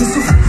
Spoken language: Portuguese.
Disso